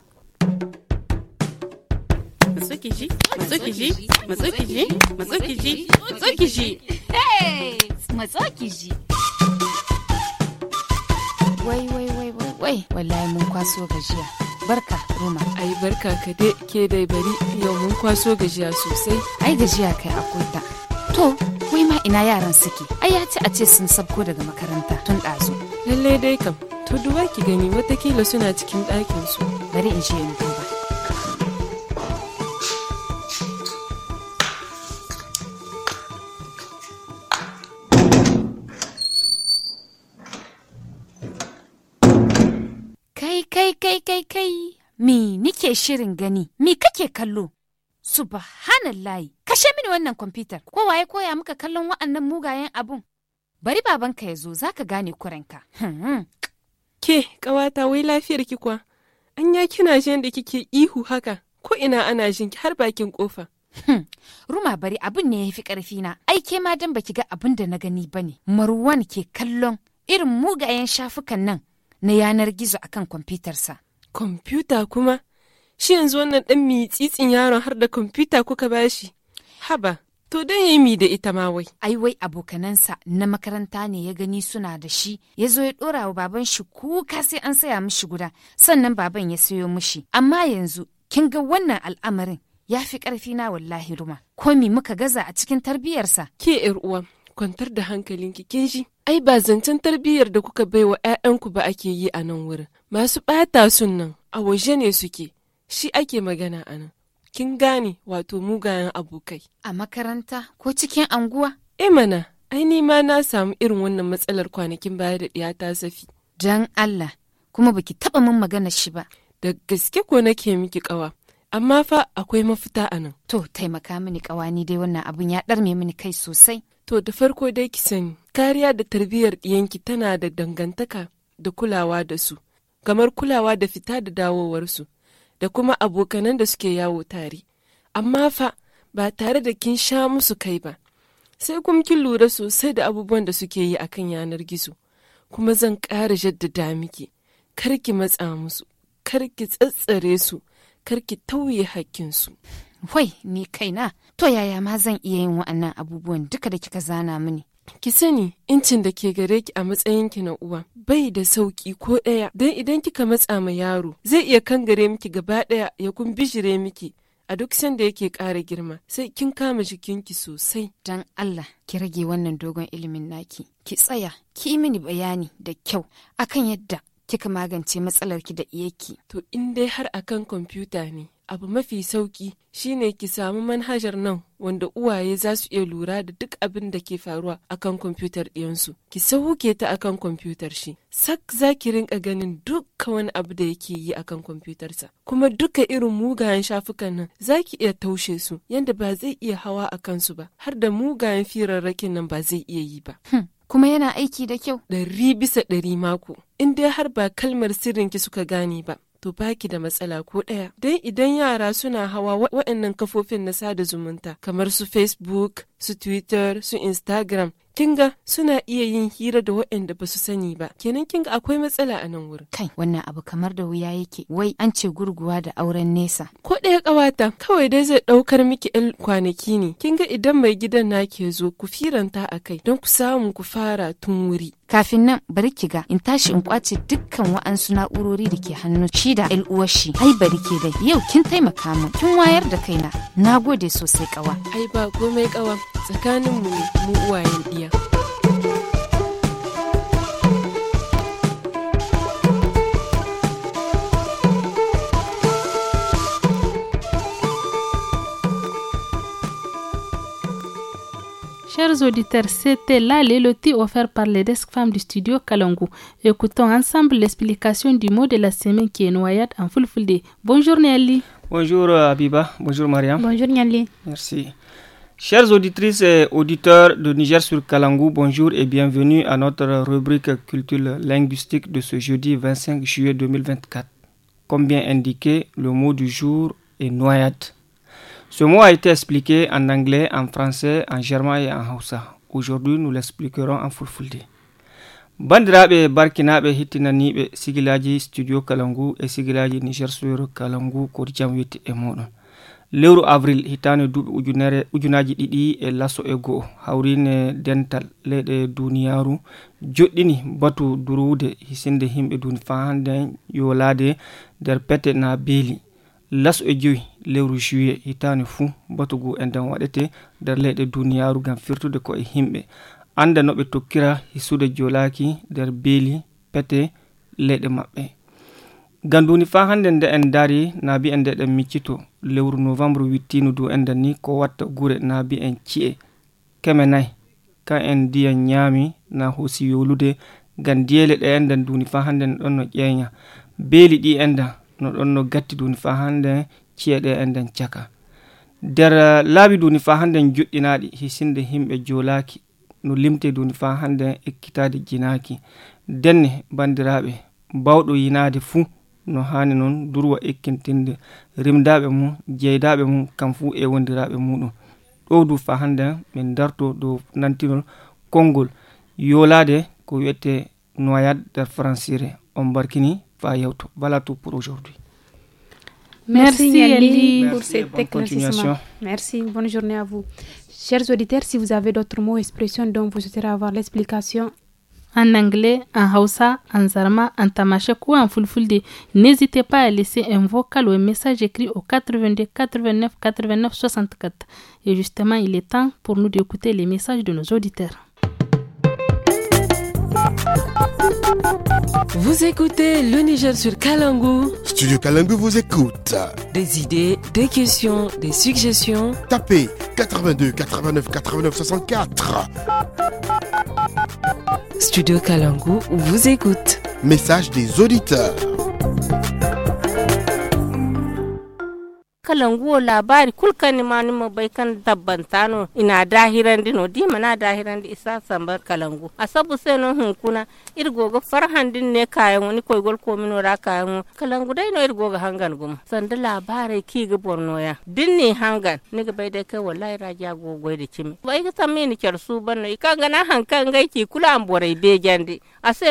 Hey Wai wai wai wai wallahi mun kwaso gajiya. Barka Roma. Ai barka ka dai ke dai bari yau mun kwaso gajiya sosai. Ai gajiya kai akwai ta. To wai ma ina yaran suke? Ai ya ci a ce sun sabko daga makaranta tun ɗazu. Lallai dai kam to duwa ki gani watakila suna cikin ɗakin su. Bari in je in Kai kai kai kai, mi nike shirin gani, mi kake kallo? Subhanallahi, kashe mini wannan kwamfutar, ko waye koya muka kallon wa'annan mugayen abun. Bari babanka ya zo, za ka gane kuranka. Hmm. Ke, kawata wai lafiyar ki kuwa? Anya kina jin da kike ihu haka, ko ina ana jin ki har bakin kofa. Hmm. Ruma bari abun ne ya fi karfi na, ai ke ma dan baki ga abun da na gani bane. Marwan ke kallon irin mugayen shafukan nan na yanar gizo akan kwamfutarsa. Kwamfuta kuma? Shi yanzu wannan ɗan mitsitsin yaron har da kwamfuta kuka bashi. Haba, to don ya mi da ita ma wai. Ai wai abokanansa na makaranta ne ya gani suna da shi, ya zo ya ɗora wa baban shi kuka sai an saya mishi guda, sannan baban ya sayo mishi. Amma yanzu, kin ga wannan al'amarin ya fi ƙarfi na wallahi ruma. Komi muka gaza a cikin tarbiyarsa. Ke uwa, kwantar da hankalinki kin ji ai ba zancen tarbiyyar da kuka bai wa 'ya'yanku ba ake yi a nan wurin masu ɓata sun nan a waje ne suke shi ake magana a nan kin gane wato mugayen abokai a makaranta ko cikin anguwa eh mana ai ni ma na samu irin wannan matsalar kwanakin baya da ɗiya ta safi jan Allah kuma baki taɓa min magana shi ba da gaske ko nake miki ƙawa. amma fa akwai mafita a nan. To taimaka mini kawani dai wannan abun ya ɗarme mini kai sosai. To da farko dai ki sani kariya da tarbiyyar ɗiyanki tana da dangantaka da kulawa da su, kamar kulawa da fita da dawowarsu, da kuma abokanan da suke yawo tare. Amma fa ba tare da kin sha musu kai ba, sai kuma kin lura sosai da abubuwan da suke yi akan yanar gizo, kuma zan ƙara jaddada miki, kar ki matsa musu, kar ki tsattsare su. kar ki tauye hakkinsu. Wai, ni kaina, to yaya ma zan iya yin wa'annan abubuwan duka da kika zana mini? Ki sani, incin da ke gare ki a matsayin ki na uwa bai da sauki ko ɗaya, don idan kika matsa ma yaro zai iya kangare miki gaba ɗaya ya kun kumbishire miki. a duk sanda yake ƙara girma sai kin kama jikinki sosai. Don Allah ki rage wannan dogon ilimin naki, ki tsaya, ki mini bayani da kyau akan yadda kika magance matsalar ki da iyaki? To in dai har akan kwamfuta ne, abu mafi sauki shine ki samu manhajar nan wanda uwaye za su iya lura da duk abin da ke faruwa akan kwamfutar ɗiyansu. Ki sauke ta akan kwamfutar shi. Sak za ki rinka ganin duka wani abu da yake yi akan kwamfutarsa. Kuma duka irin mugayen shafukan nan za ki iya taushe su yadda ba zai iya hawa a kansu ba har da mugayen firarrakin nan ba zai iya yi ba. Hmm. kuma yana aiki da kyau ɗari bisa ɗari mako in dai har ba kalmar sirrinki suka gane ba to baki da matsala ko ɗaya. dan idan yara suna hawa waɗannan kafofin na sada zumunta kamar su Facebook, su twitter su instagram kinga suna iya yin hira da waɗanda ba su sani ba kenan kinga akwai matsala a nan wurin kai wannan abu kamar da wuya yake wai an ce gurguwa da auren nesa ko ɗaya ƙawata kawai dai zai ɗaukar miki yan kwanaki ne kinga idan mai gidan na ke zo ku firanta a kai don ku samu ku fara tun wuri kafin nan bari ki ga in tashi in kwace dukkan wa'ansu na'urori da ke hannu shi da yan shi ai bari ke dai yau kin taimaka min kin wayar da kaina na gode sosai ƙawa. ai ba komai ƙawa Chers auditeurs, c'était là les lotis offert par les desk femmes du studio Kalongu. Écoutons ensemble l'explication du mot de la semaine qui est noyade en full full day. Bonjour Nelly. Bonjour euh, Abiba. Bonjour Mariam. Bonjour Nelly. Merci. Chers auditrices et auditeurs de Niger sur Kalangou, bonjour et bienvenue à notre rubrique culture linguistique de ce jeudi 25 juillet 2024. Comme bien indiqué, le mot du jour est noyade. Ce mot a été expliqué en anglais, en français, en germain et en hausa. Aujourd'hui, nous l'expliquerons en fulfulde. Bandirabe Barkinabe Hitinani sigilaji studio kalangu et sigilaji niger sur kalangu et lewru avril hitande duuɓi ujunere ujunaji ɗiɗi e lasso e goho hawrine dental leyɗe duniyaru joɗɗini batu durwude hisinde himɓe duni fa hande yolade nder pete na beeli lasso e joyi lewru juillet hitande fuu batu go e nden waɗete nder leyɗe duniyaru gam firtude ko e himɓe anda noɓe tokkira hisude jolaki nder beeli pete leyɗe maɓɓe ganduni fa hande nde en dari naabi en ndeɗen miccito lewru novembre wittinu du enden ni ko watta gure naabi en ci'e keme nayi ka en ndiyan ñaami na hoosi yolude ngam ndiyele ɗe enden duni fa hande no ɗon no ƴeeña beeli ɗi enda no ɗon no gatti duni fa hande ci'e ɗe enden caka nder laabi duni fa handen juɗɗinaɗi hisinde himɓe jolaki no limte duni fa hande ekkitade jinaki denne bandiraɓe bawɗo yinade fuu no hani noon durwa ekkintinde rimdaɓe mum jeydaɓe mum kamfu fuu e wondiraɓe muɗum ɗo du fa hande min darto dow nantinol konngol yolade ko wiyete noyade nder françire on barkini fa yewto voilà tout pour aujourd'hui Merci, Merci Yali pour cette éclaircissement. Merci, bonne journée à vous. Chers auditeurs, si vous avez d'autres mots, expressions dont vous souhaitez avoir l'explication, en anglais, en hausa, en zarma, en tamashek ou en fulfulde. N'hésitez pas à laisser un vocal ou un message écrit au 82 89 89 64. Et justement, il est temps pour nous d'écouter les messages de nos auditeurs. Vous écoutez le Niger sur Kalangu. Studio Kalangu vous écoute. Des idées, des questions, des suggestions. Tapez 82 89 89 64. Studio Kalangu vous écoute. Message des auditeurs. kalanguwo labari kulkani manuma bai kan tabbantano ina dahirandi no di mana dahirandi isa sambar kalangu asabu seno hunkuna irgogo din ne kayan wani koygol mino ra kayan kalangu dai no irgogo hangan gum sanda labarai ki ga borno ya ne hangan ni ga bai da kai wallahi raja gogo da cimi bai ga tamme ni kyar su ban no ikan ga na hankan gai ki kula an borai be jandi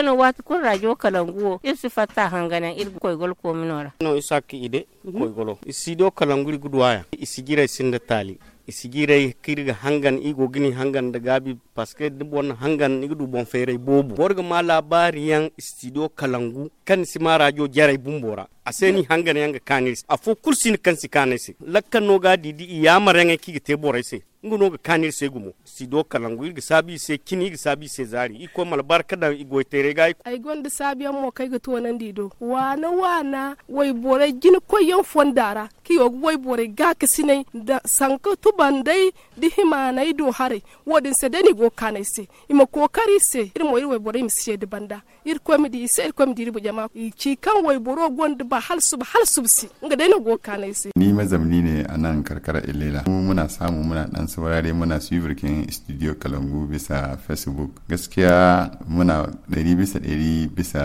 no wat kun rajo kalanguwo isi fata hanganan irgogo koygol mino ra no isaki ide mhm. koygolo isido kalangu languri gudwaya isigirai sinda tali isigirai kirga hangan igo gini hangan da gabi paske dubon hangan igdu bon fere bobu borga ma labari yan studio kalangu kan sima radio jarai bumbora aseni hangane yanga kanisi afu kulsini kansi kanisi lakka noga didi yamarenga kigi te boraisi nguno ga kanir se gumo si do kalangu irga sabi se kini irga sabi se zari iko mal barka da igo tere ga ai gonda sabi mo kai ga to nan dido wana wana wai bore jin ko yon fondara ki yo wai bore ga ka da sanka to bandai di himana ido hare wodin se deni go kanai ima ko kari se irmo irwe bore mi se de banda ir ko mi di se ir mi di bu jama ci kan wai boro gonda ba hal ba hal su si nga dai na go kana sai ni mazamni ne a nan karkara ilela mu muna samu muna dan saurare muna suivirkin studio kalangu bisa facebook gaskiya muna ɗari bisa ɗari bisa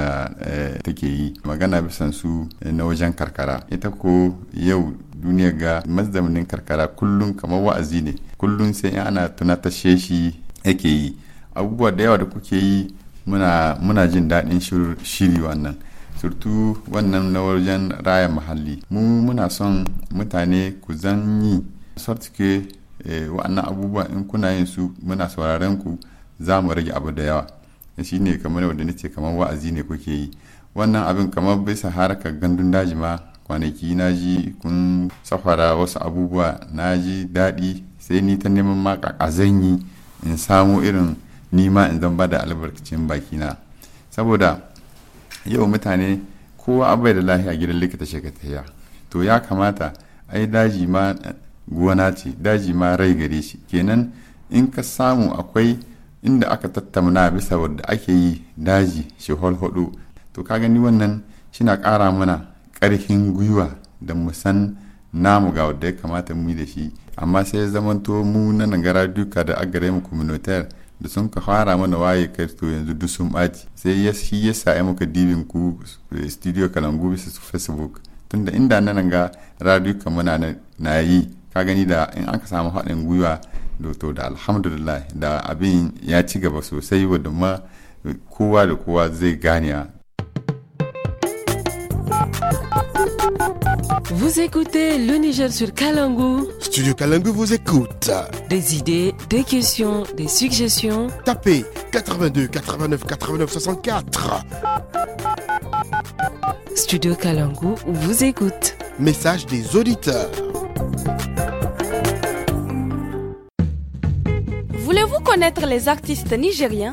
eh, take yi magana bisan su eh, na wajen karkara ita ko yau duniya ga mazamnin karkara kullum kamar wa'azi ne kullum sai ana tunatashe sheshi yake yi abubuwa da yawa da kuke yi muna jin daɗin shiri wannan surtout wannan na wajen raya muhalli mu muna son mutane ku zanyi ke eh, wa'annan abubuwa in kuna yin su muna sauraren ku za mu rage abu da yawa shi ne kamar wanda nace kamar wa'azi ne kuke yi wannan abin kamar bisa harkar gandun daji ma kwanaki na ji kun safara wasu abubuwa na ji daɗi sai ni ta neman ma yi in samu irin nima in zan ba da albarkacin bakina saboda yau mutane kowa abai da lahiya gidan likita shekataya to ya kamata ai daji ma eh, gona ce daji ma rai gare shi kenan in ka samu akwai inda aka tattauna bisa wadda ake yi daji shi hudu to ka gani wannan shina ƙara mana ƙarfin gwiwa da mu san namu ga wadda ya kamata mu yi da shi amma sai zamanto mu na nagara duka da agare mu communautaire da sun ka fara mana waye kai to yanzu duk sun ɓaci sai ya shi ya sa muka dibin ku eh, studio kalangu bisa su facebook tunda inda nan ga ka muna na yi ka gani da in aka samu haɗin gwiwa to da alhamdulillah da abin ya ci gaba sosai wadda ma eh, kowa da kowa zai gane Vous écoutez le Niger sur Kalangu. Studio Kalangu vous écoute. Des idées, des questions, des suggestions. Tapez 82 89 89 64. Studio Kalangu vous écoute. Message des auditeurs. Voulez-vous connaître les artistes nigériens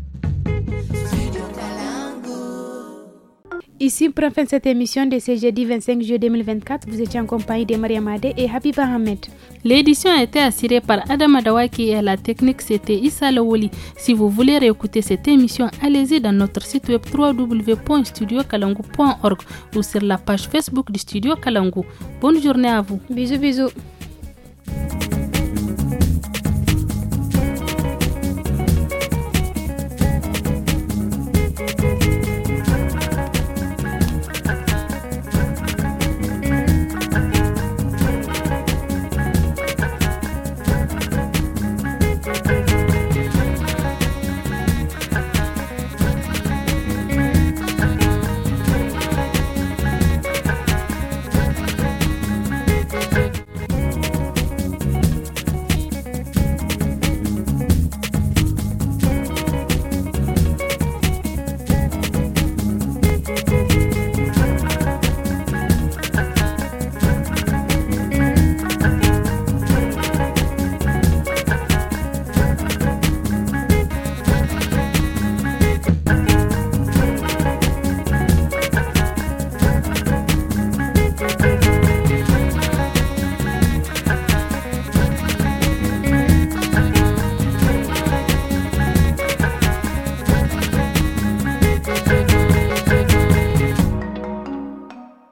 Ici la fin cette émission de ce jeudi 25 juillet 2024. Vous étiez en compagnie de Maria Madé et Habib Ahmed. L'édition a été assurée par Adam Adawaki et à la technique c'était Issa Si vous voulez réécouter cette émission, allez-y dans notre site web www.studiokalangu.org ou sur la page Facebook du Studio Kalangu. Bonne journée à vous. Bisous bisous.